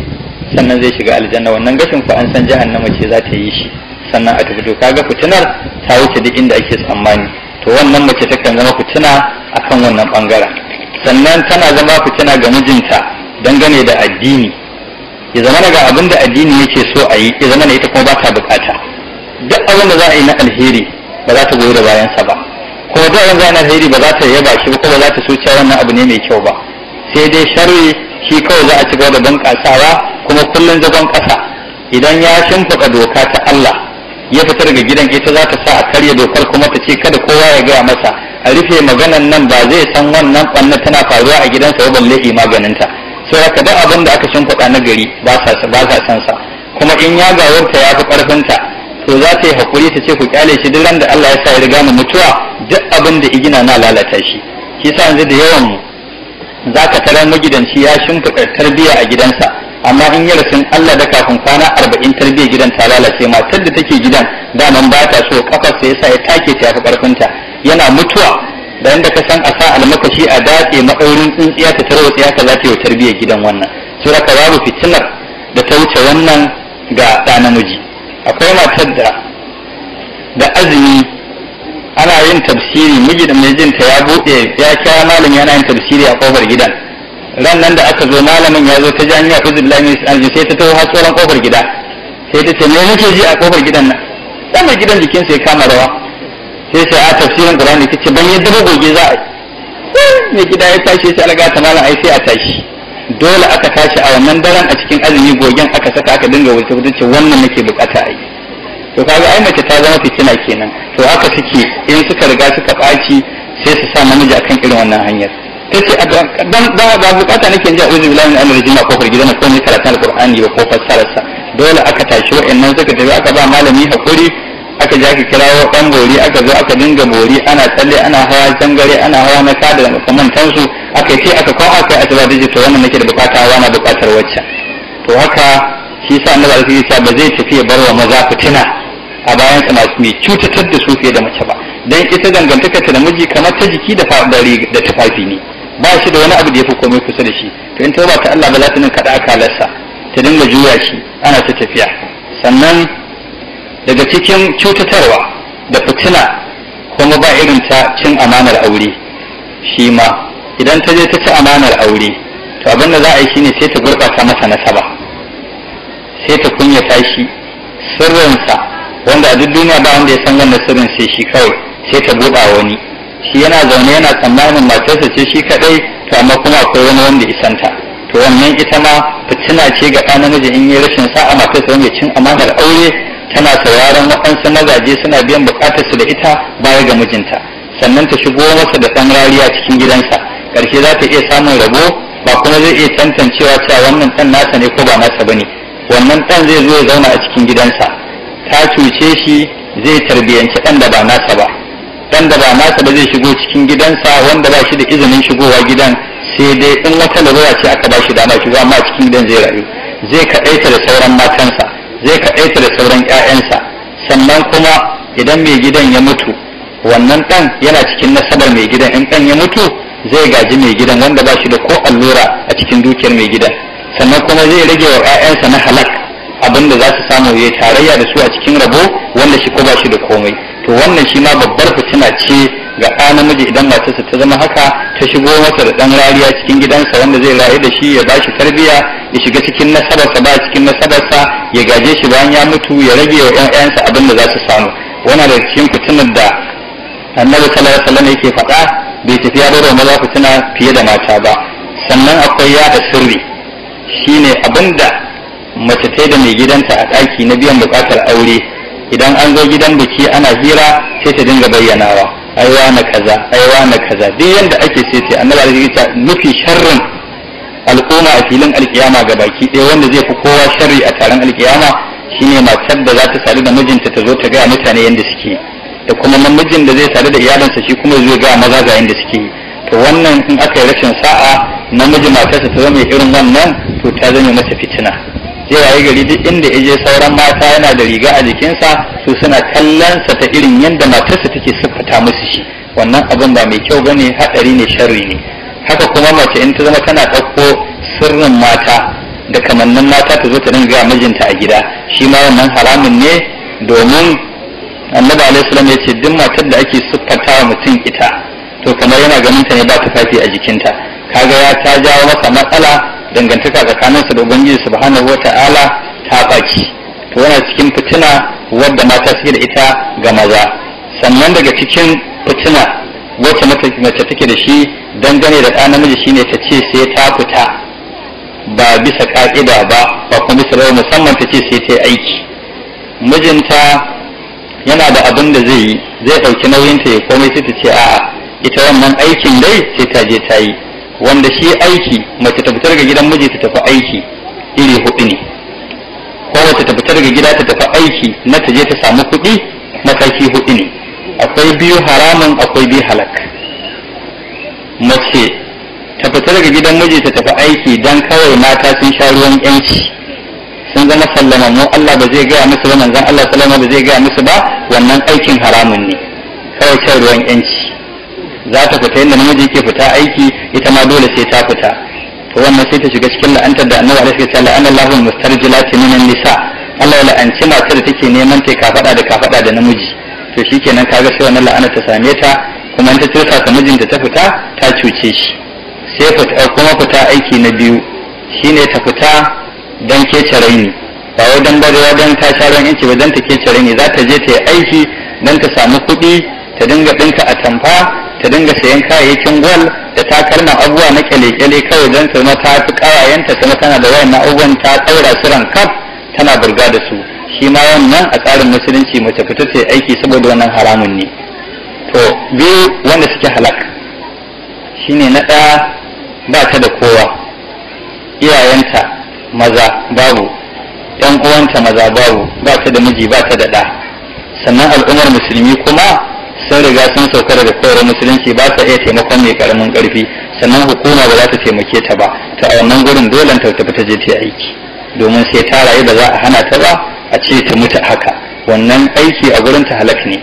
S1: sannan zai shiga aljanna wannan gashin ku an san jahannama ce za ta yi shi sannan a tafi to kaga fitinar ta wuce duk inda ake tsammani to wannan mace takan zama fitina kan wannan bangaren sannan tana zama fitina ga mijinta dangane da addini ya zama daga abin da addini yake so a yi ya zama ita kuma ba ta bukata duk abin da za a yi na alheri ba za ta goyi da bayansa ba ko duk abin da za a yi na alheri ba za ta yaba shi ba ko ba za ta so cewa wannan abu ne mai kyau ba sai dai sharri shi kawai za a ci gaba da bunƙasawa kuma kullum zagon ƙasa idan ya shimfiɗa doka ta Allah ya fita daga gidan ita za ta sa a karya dokar kuma ta ce kada kowa ya gaya masa a rufe maganan nan ba zai san wannan ɓanna tana faruwa a gidansa ba balle maganinta sai haka duk abin da aka shimfiɗa na gari ba sa san sa kuma in ya gawarta ya fi ƙarfinta to za ta yi haƙuri ta ce ku kyale shi duk da Allah ya sa ya riga mu mutuwa duk abin da igina na lalata shi shi sa yanzu da yawan mu za ka tarar magidanci ya shimfiɗa tarbiyya a gidansa amma in yi rasin Allah da kafin kwana arba'in tarbiyyar gidan ta lalace matar da take gidan daman ba ta so sai yasa ya take ta yafi karfinta yana mutuwa da yadda ka san a sa almakashi a datse ma'aurin tsintsiya ta tarwa tsiya ka za ta yi tarbiyyar gidan wannan sura ka babu fitilar da ta wuce wannan ga ɗa namiji akwai matar da da azumi ana yin tafsiri mijin mai jinta ya buɗe ya kira malami yana yin tafsiri a kofar gidan ran nan da aka zo malamin ya zo ta ji hanya kuzi billahi min sai ta taho har tsoron kofar gida sai ta ce me nake ji a kofar gidan nan dan mai gidan jikin sai kama rawa sai sai a tafsirin qur'ani kace ban yadda ba goge za a mai gida ya tashi sai alga ta malam ai sai a tashi dole aka tashi a wannan daren a cikin azumi gogen aka saka aka dinga wuce wuce ce wannan nake bukata ai to kaga ai mace ta zama fitina kenan to haka suke in suka riga suka ɓaci sai su sa namiji akan irin wannan hanyar tace dan ba ba bukata nake ji a'udhu billahi min amri jinna ko fargida na komai karatun alqur'ani ba ko fassararsa dole aka tashi wa'annan suka tafi aka ba malami hakuri aka ja ka kirawo dan bori aka zo aka dinga bori ana tsalle ana hawa jangare ana hawa na kada da makamantan su aka ce aka kawo aka a tsaba to wannan nake da bukata wa na bukatar wacce to haka shi sa annabi ya ce ba zai tafi ya barwa maza fitina a bayan sa masu mai cutatar da su fiye da mace ba dan ita dangantaka ta da miji kamar ta jiki da da tufafi ne ba shi da wani abu da ya fi komai kusa da shi to in tauba ta Allah ba za ta ninka da akalarsa ta dinga juya shi ana ta tafiya sannan daga cikin cutatarwa da fitina kuma ba irin ta cin amanar aure shi ma idan ta je ta ci amanar aure to abin da za a yi shine sai ta gurɓata masa nasaba sai ta kunyata shi sirrinsa wanda a duk duniya ba wanda ya san wannan sirrin sai shi kawai sai ta buɗa wani shi yana zaune yana tsammanin matarsa ce shi kadai to amma kuma akwai wani wanda isanta to wannan ita ma fitina ce ga ɗan namiji in yi rashin sa'a matarsa wanda cin amanar aure tana sauraron waɗansu mazaje suna biyan su da ita baya ga mijinta sannan ta shigo masa da ɗan rariya cikin gidansa ƙarshe za ta iya samun rabo ba kuma zai iya tantancewa cewa wannan ɗan nasa ne ko ba nasa ba ne wannan ɗan zai zo ya zauna a cikin gidansa ta cuce shi zai tarbiyanci ɗan da ba nasa ba wanda ba nasa ba zai shigo cikin gidansa wanda ba shi da izinin shigowa gidan sai dai in wata larura ce aka ba shi dama shigo amma cikin gidan zai rayu zai kaɗaita da sauran matansa zai kaɗaita da sauran 'ya'yansa sannan kuma idan mai gidan ya mutu wannan ɗan yana cikin nasabar mai gidan in ɗan ya mutu zai gaji mai gidan wanda ba shi da ko allura a cikin dukiyar mai gidan sannan kuma zai rage wa 'ya'yansa na halak abin da za su samu ya tarayya da su a cikin rabo wanda shi ko ba shi da komai to wannan shi ma babbar fitina ce ga ɗa namiji idan matarsa ta zama haka ta shigo masa da ɗan rariya cikin gidansa wanda zai rayu da shi ya ba shi tarbiyya ya shiga cikin nasararsa ba cikin nasararsa ya gaje shi bayan ya mutu ya rage wa 'ya'yansa abin da za su samu wannan da cikin fitinar da annabi sallallahu alaihi wasallam yake faɗa bai tafi ya bar maza fitina fiye da mata ba sannan akwai yada sirri shine abinda mace ta da mai gidanta a ɗaki na biyan buƙatar aure idan an zo gidan biki ana hira sai ta dinga bayyanawa aiwa na kaza aiwa na kaza duk yanda ake sai ta annabi da ta nufi sharrin al'umma a filin alkiyama ga baki ɗaya wanda zai fi kowa sharri a taron alkiyama shine matar da za ta sadu da mijinta ta zo ta gaya mutane yadda suke da kuma namijin da zai sadu da iyalinsa shi kuma zai gaya maza ga yadda suke to wannan in aka yi rashin sa'a namiji matarsa ta zama irin wannan to ta zame masa fitina ya yayi gari duk inda ya je sauran mata yana da riga a jikinsa su suna kallonsa ta irin yadda matarsa take siffata musu shi wannan abin ba mai kyau bane haɗari ne sharri ne haka kuma mace in ta zama tana ɗauko sirrin mata da kamannin mata ta zo ta dinga mijinta a gida shi ma wannan haramun ne domin annabi alaihi salam ya ce duk matar da ake siffata wa mutum ita to kamar yana ganin ta ne ba tufafi a jikinta kaga ya ta jawo masa matsala dangantaka tsakaninsu da ubangiji subhanahu ta'ala ta baki to yana cikin fitina wadda mata suke da ita ga maza sannan daga cikin fitina wacce mace take da shi dangane da ɗa namiji shine ta ce sai ta fita ba bisa ƙa'ida ba ba kuma bisa rawar musamman ta ce sai ta aiki mijinta yana da abin da zai yi zai ɗauki nauyinta ya komai sai ta ce a'a ita wannan aikin dai sai ta je ta yi wanda shi aiki mace ta fita daga gidan miji ta tafi aiki iri hudu ne ko wata ta fita daga gida ta tafi aiki na ta je ta samu kuɗi mataki hudu ne akwai biyu haramun akwai biyu halak mace ta fita daga gidan miji ta tafi aiki dan kawai mata sun sha ruwan yanci sun zama mu Allah ba zai gaya musu ba manzon Allah sallama ba zai gaya musu ba wannan aikin haramun ne kawai sha ruwan yanci za ta fita yadda namiji yake fita aiki ita ma dole sai ta fita to wannan sai ta shiga cikin la'antar da annabi alaihi wasallam la'anna Allahu mustarjilati minan nisa Allah ya la'anci matar da take neman ta ka fada da ka fada da namiji to shikenan kaga sai wannan la'ana ta same ta kuma in ta tirsa ta mijinta ta fita ta cuce shi sai fita eh, kuma fita aiki na biyu shine ta fita dan kece raini ba wai dan barewa dan ta sha ran yanci ba dan ta kece raini za ta je ta yi aiki dan ta samu kuɗi ta dinga ɗinka tamfa. ta dinga sayan kayayyakin gwal da takalman abubuwa na kyale-kyale kawai don ta zama ta fi kawayenta ta tana da wayan abubuwan ta ɗaura su rankaf tana burga da su shi ma wannan a tsarin musulunci mace fita ta aiki saboda wannan haramun ne to biyu wanda suke halak shine na ɗaya ba ta da kowa iyayenta maza babu ‘yan uwanta maza babu ba ta da miji ba ta da ɗa sannan al'ummar musulmi kuma sun riga sun sauka daga koyarwar musulunci ba sa iya taimakon mai karamin karfi sannan hukuma ba za ta taimake ta ba ta a wannan gurin dole ta tafi ta je ta aiki domin sai ta rayu ba za a hana ta ba a ce ta mutu haka wannan aiki a gurin ta halak ne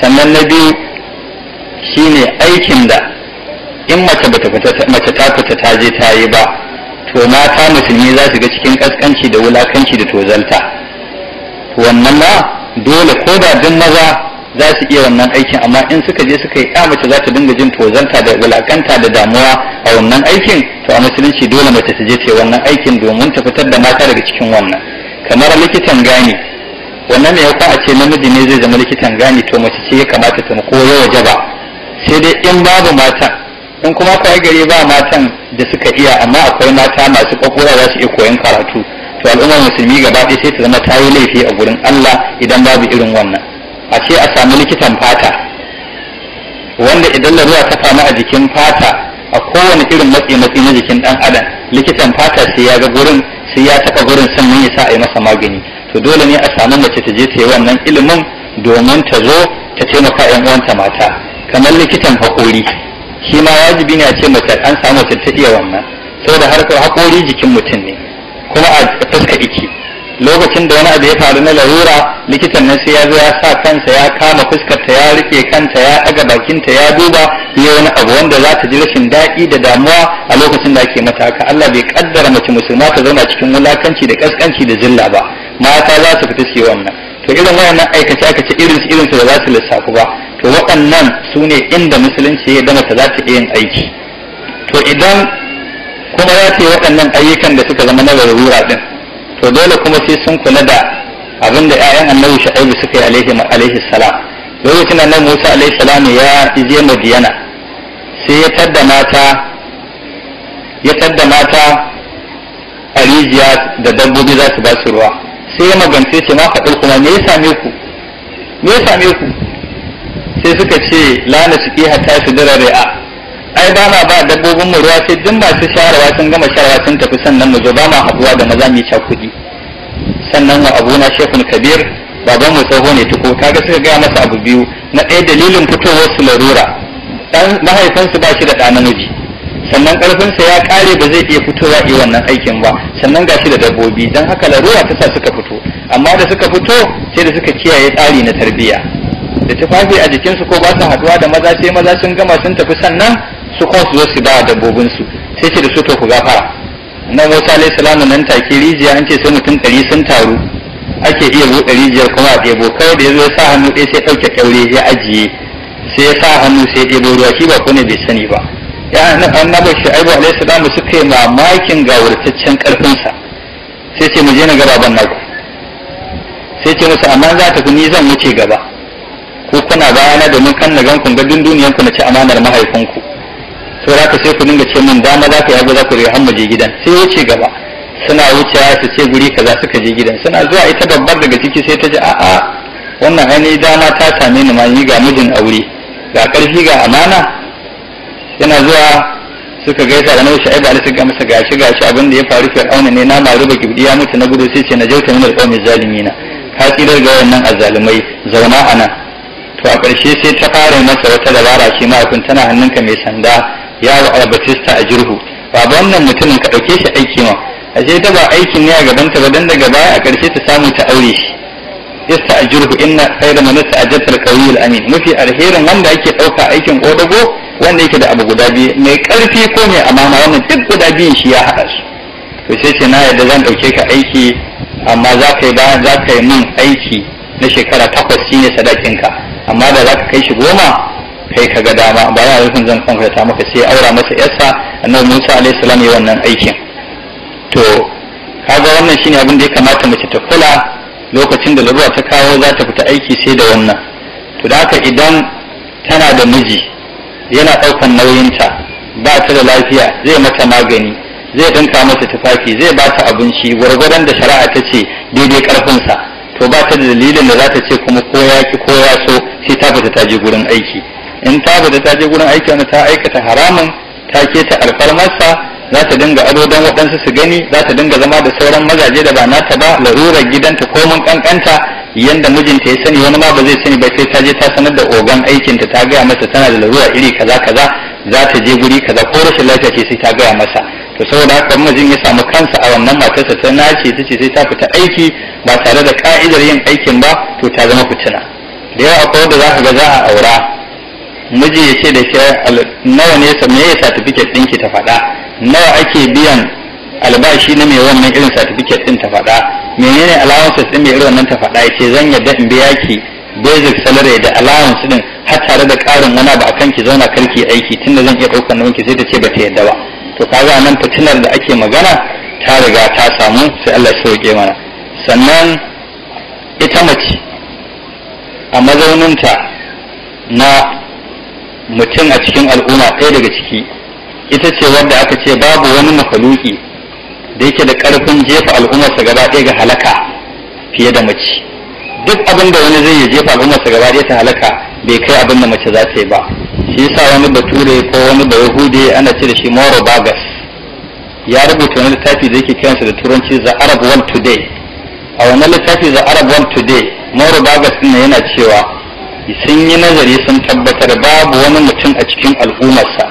S1: sannan na biyu shine aikin da in mace mace ta fita ta je ta yi ba to mata musulmi za su ga cikin kaskanci da wulakanci da tozalta wannan ma dole ko da duk maza za su iya wannan aikin amma in suka je suka yi mace za ta dinga jin tozanta da wulaƙanta da damuwa a wannan aikin to a musulunci dole mace ta je ta yi wannan aikin domin ta fitar da mata daga cikin wannan kamar likitan gani wannan ne yakwa a ce namiji ne zai zama likitan gani to mace ce ya kamata ta koyo waje ba sai dai in babu matan in kuma kai gari ba matan da suka iya amma akwai mata masu kwakwalwa za su iya koyon karatu to al'ummar musulmi gaba ɗaya sai ta zama ta yi laifi a gurin Allah idan babu irin wannan a ce a samu likitan fata wanda idan ruwa ta samu a jikin fata a kowane irin matsi matsi na jikin dan adam likitan fata sai ya ga gurin sai ya taka gurin sannan ya sa a yi masa magani to dole ne a samu mace ta je ta yi wannan ilimin domin ta zo ta taimaka yan uwanta mata kamar likitan haƙori shi ma wajibi ne a ce mace an samu mace ta iya wannan saboda harkar hakori jikin mutum ne kuma a fuska iki lokacin da wani abu ya faru na larura likitan nan sai ya zo ya sa kansa ya kama fuskarta ya rike kanta ya daga bakinta ya duba ya wani abu wanda za ta ji rashin daɗi da damuwa a lokacin da ake mata haka Allah bai kaddara mace musulma ta zauna cikin wulakanci da kaskanci da zilla ba mata za su fita su yi wannan to irin wannan aikace aikace irin su irin su da za su lissafu ba to waɗannan su ne inda musulunci ya dama ta za ta iya yin aiki to idan kuma za ta yi waɗannan ayyukan da suka zama na larura din to dole kuma sai sun kula da abin da 'ya'yan annabi shu'aibu suka yi alaihi salam lokacin annabi musa alaihi salam ya je madiyana sai ya tadda mata ya tadda mata a rijiya da dabbobi za su ba su ruwa sai ya magance ce ma faɗin kuma me ya same ku me ya same ku sai suka ce lana ciki hatta su dira rai'a ai ba na ba dabbobin mu ruwa sai duk masu sharawa sun gama sharawa sun tafi sannan mu zo ba ma haɗuwa da maza mai kuɗi sannan wa na shekun kabir baban mu tsoho ne tuko kaga suka gaya masa abu biyu na ɗaya dalilin fitowar su larura dan mahaifinsu ba shi da ɗa namiji sannan ƙarfinsa ya ƙare ba zai iya fitowa yi wannan aikin ba sannan ga shi da dabbobi don haka larura ta sa suka fito amma da suka fito sai da suka kiyaye tsari na tarbiyya da tufafi a jikinsu ko ba su haɗuwa da maza sai maza sun gama sun tafi sannan su kan su zo su ba dabbobin su sai ce da su to ku gafara na Musa alayhi salamu nan take rijiya an ce sai mutum ɗari sun taru ake iya buɗe rijiyar kuma a ɗebo kawai da ya zo ya sa hannu ɗaya sai ɗauke ɗaure ya ajiye sai ya sa hannu sai ya ɗebo ruwa shi ba kone bai sani ba ya annabi shu'aibu alayhi salamu suka yi mamakin gawurtaccen ƙarfinsa sai ce mu je na gaba ban naku sai ce musu amma za ta ni zan wuce gaba ko kuna bayana domin kan na gan kun ga dunduniyan ku na ci amanar mahaifinku za ka sai ku dinga ce min dama za ka yi za ku yi hamma je gidan sai wuce gaba suna wuce su ce guri kaza suka je gidan suna zuwa ita babbar daga ciki sai ta ji a'a wannan ainihi dama ta same ni ma yi ga mijin aure ga karfi ga amana yana zuwa suka gaisa da nawa sha'ibu masa ga masa gashi gashi abin da ya faru auna ne na maru baki ya mutu na gudu sai ce na jauta min alqawmi zalimina ka tsirar ga wannan azzalumai zauna nan. to a ƙarshe sai ta fara masa wata dabara shi ma tana hannunka mai sanda yawo albatista a jirhu ba wannan mutumin ka ɗauke shi aiki ma a je ta ba aikin ne a gaban ta ba dan daga baya a ƙarshe ta samu ta aure shi ista a jirhu inna khayra man ta'ajjata al-qawiyyu amin mafi alherin wanda yake ɗauka aikin kodago wanda yake da abu guda biyu mai ƙarfi ko mai amana wannan duk guda biyun shi ya haɗa su to sai ce na yadda zan ɗauke ka aiki amma za ka yi bayan za ka yi min aiki na shekara takwas shine sadakinka amma da za ka kai shi goma kai ka ga dama ba yana nufin zan kwankwata maka sai aura masa yarsa annabi Musa alayhi salam ya wannan aikin to kaga wannan shine abin da ya kamata mace ta kula lokacin da larura ta kawo za ta fita aiki sai da wannan to da haka idan tana da miji yana ɗaukan nauyinta ba ta da lafiya zai mata magani zai dinka mata tufafi zai ba ta abinci gwargwadon da shari'a ta ce daidai karfinsa to ba ta da dalilin da za ta ce kuma ko ya ki ko ya so sai ta fita ta je gurin aiki in ta bada ta je gurin aiki wani ta aikata haramun ta keta alfarmarsa za ta dinga ado don waɗansu su gani za ta dinga zama da sauran mazaje da ba nata ba larurar gidanta ko mun kankanta yanda mijinta ya sani wani ma ba zai sani ba sai ta je ta sanar da ogan aikinta ta gaya masa tana da larura iri kaza kaza za ta je guri kaza ko rashin lafiya ce sai ta gaya masa to saboda haka mijin ya samu kansa a wannan matarsa ta nace ta ce sai ta fita aiki ba tare da ka'idar yin aikin ba to ta zama fitina da yawa akwai wanda za ka ga za a aura miji ya ce da shi nawa ne sa me ya certificate ki ta faɗa nawa ake biyan albashi na mai wannan irin certificate ɗin ta faɗa menene allowance ɗin mai irin wannan ta faɗa yace zan yadda in biya ki basic salary da allowance din har tare da ƙarin wani ba akan ki zauna karki aiki tunda zan iya ɗaukar nauyin ki sai ta ce ba ta yadda ba to kaga nan fitinar da ake magana ta riga ta samu sai Allah ya sauke mana sannan ita mace a mazauninta na mutum a cikin al'umma ɗaya daga ciki ita ce wadda aka ce babu wani mafaluki da yake da ƙarfin jefa al'ummarsa gaba ɗaya ga halaka fiye da mace duk abin da wani zai jefa al'ummarsa gaba ɗaya ta halaka bai kai abin da mace za ta yi ba shi yasa wani bature ko wani da hude ana ce da shi moro bagas ya rubuta wani littafi da yake kiransa da turanci the arab world today a wannan littafi the arab world today moro bagas ɗin yana cewa sun yi nazari sun tabbatar babu wani mutum a cikin al'ummarsa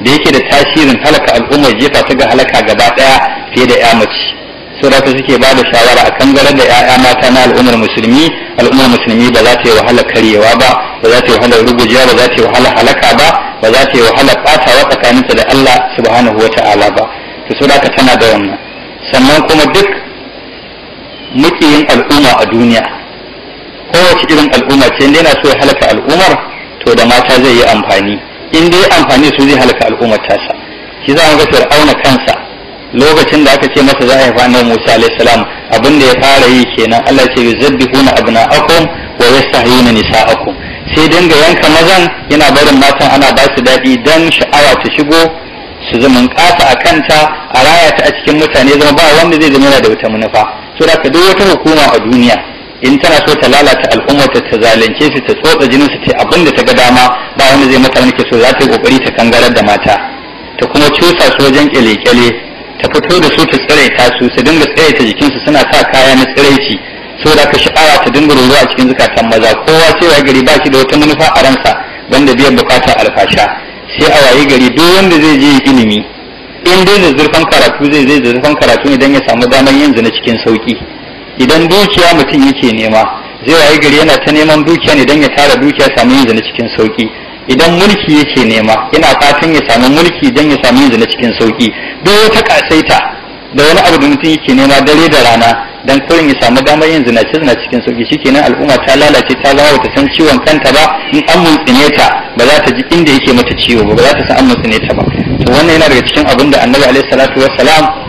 S1: da yake da tasirin halaka al'ummar jefa ta ga halaka gaba daya fiye da ya mace saboda suke ba da shawara a kan kangarar da 'ya'ya mata na al'ummar musulmi al'ummar musulmi ba za ta yi wahala karyewa ba ba za ta yi wahala rugujiya ba za ta yi wahala halaka ba ba za ta yi wahala batawa tsakaninta da Allah subhanahu wa ta'ala ba to saboda tana da wannan sannan kuma duk muke al'umma a duniya kowace irin al'umma ce inda yana so ya halaka al'ummar to da mata zai yi amfani in dai amfani su zai halaka al'ummar tasa shi za a ga fir'auna kansa lokacin da aka ce masa za a haifa annabi Musa alaihi salam abin da ya fara yi kenan Allah ya ce yuzabbihuna abna'akum wa nisa nisa'akum sai dinga yanka mazan yana barin matan ana ba su daɗi dan sha'awa ta shigo su zama kasa a kanta a raya ta a cikin mutane zama ba wanda zai zama yana da wata manufa saboda duk wata hukuma a duniya in tana so ta lalata al'umma ta zalunce su ta tsotsa jinin su ce abin da ta ga dama ba wanda zai mata wani so za ta yi kokari ta kangarar da mata ta kuma cusa su wajen kyale-kyale ta fito da su ta tsiraita su su dinga jikin su suna sa kaya na tsiraici so da ka sha'awa ta dinga ruwa a cikin zukatan maza kowa cewa gari ba shi da wata manufa a ransa banda biyan bukatar alfasha sai a waye gari duk wanda zai je ilimi in dai da karatu zai zai da karatu ne don ya samu damar yin zina cikin sauki idan dukiya mutum yake nema zai rayu gari yana ta neman dukiya ne don ya tara dukiya sami yin zina cikin sauki idan mulki yake nema yana fatan ya sami mulki don ya sami yin zina cikin sauki duk wata kasaita da wani abu da mutum yake nema dare da rana dan kurin ya samu damar yin zinace zina cikin sauki shikenan al'umma ta lalace ta zama bata san ciwon kanta ba in an muntsine ta ba za ta ji inda yake mata ciwo ba ba za ta san an muntsine ta ba to wannan yana daga cikin abin da annabi alaihi salatu wassalam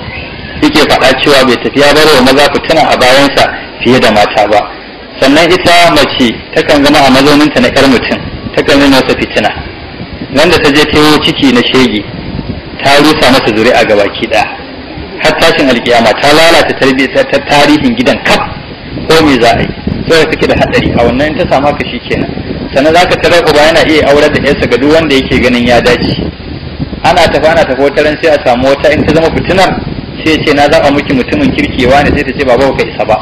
S1: yake faɗa cewa bai tafi ya bar wa maza fitina a bayansa fiye da mata ba sannan ita mace takan zama a mazauninta na 'yar mutum takan zama masa fitina wanda ta je tewo ciki na shege ta rusa masa zuri'a ga baki ɗaya har tashin alƙiyama ta lalata tarbiyyar tarihin gidan kaf ko me za a yi sai take da hadari a wannan ta samu haka kenan sannan zaka tarar uba yana iya aurar da yarsa ga duk wanda yake ganin ya dace ana tafa ana tafi wata sai a samu wata in ta zama fitinar sai ce na zaba miki mutumin kirkewa ne sai ta ce baba ka isa ba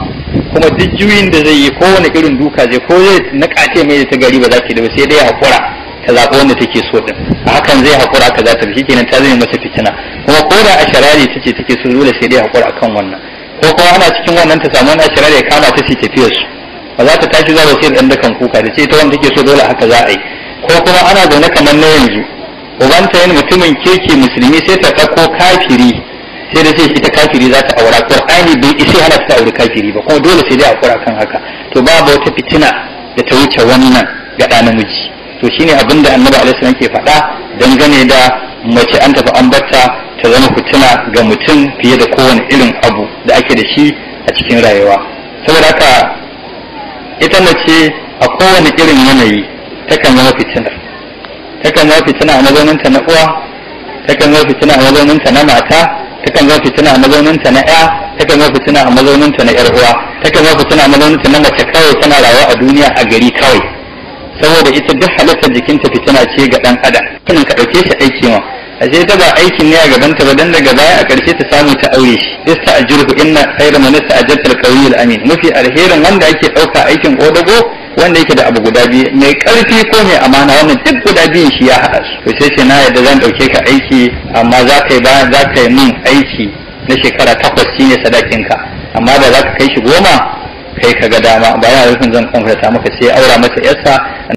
S1: kuma duk juyin da zai yi kowane irin duka zai ko zai na kace mai ta gari ba za ki da sai dai hakura ta zaɓi wanda take so din a hakan zai hakura ka zata shi kenan ta zai masa fitina kuma ko da asharari ta ce take so dole sai dai hakura akan wannan ko kuma ana cikin wannan ta samu wani asharari ya kama ta ce fiye su ba za ta tashi za ta ce dan dakan kuka da ce ta wanda take so dole haka za a yi ko kuma ana zaune kamar na yanzu ubanta yin mutumin kirki musulmi sai ta ɗauko kafiri sai da sai ita kafiri za ta aura qur'ani bai isi hana ta aure kafiri ba kuma dole sai dai a kura akan haka to babu wata fitina da ta wuce wannan ga ɗa namiji to shine abin da annabi alaihi salam ke faɗa dangane da mace an tafi an batta ta zama fitina ga mutum fiye da kowane irin abu da ake da shi a cikin rayuwa saboda haka ita mace a kowane irin yanayi takan zama fitina takan zama fitina a mazauninta na uwa takan zama fitina a mazauninta na mata takan zama fitina a mazauninta na ya takan zama fitina a mazauninta na yar uwa takan zama fitina a mazauninta na mace kawai tana rayuwa a duniya a gari kawai saboda ita duk halittar jikinta fitina ce ga dan adam kinin ka ɗauke shi aiki ma ashe ta ba aikin ne a gaban ta ba dan daga baya a ƙarshe ta samu ta aure shi ista ajruhu inna khayra man a al-qawiyyu amin mafi alherin wanda ake ɗauka aikin odago wanda yake da abu guda biyu mai karfi ko mai amana wannan duk guda biyu shi ya haɗa su to sai na yadda zan ɗauke ka aiki amma za ka yi ba za ka yi min aiki na shekara takwas shine ka amma da za ka kai shi goma kai ka ga dama ba yana rufin zan kwamfata maka sai aura mata yarsa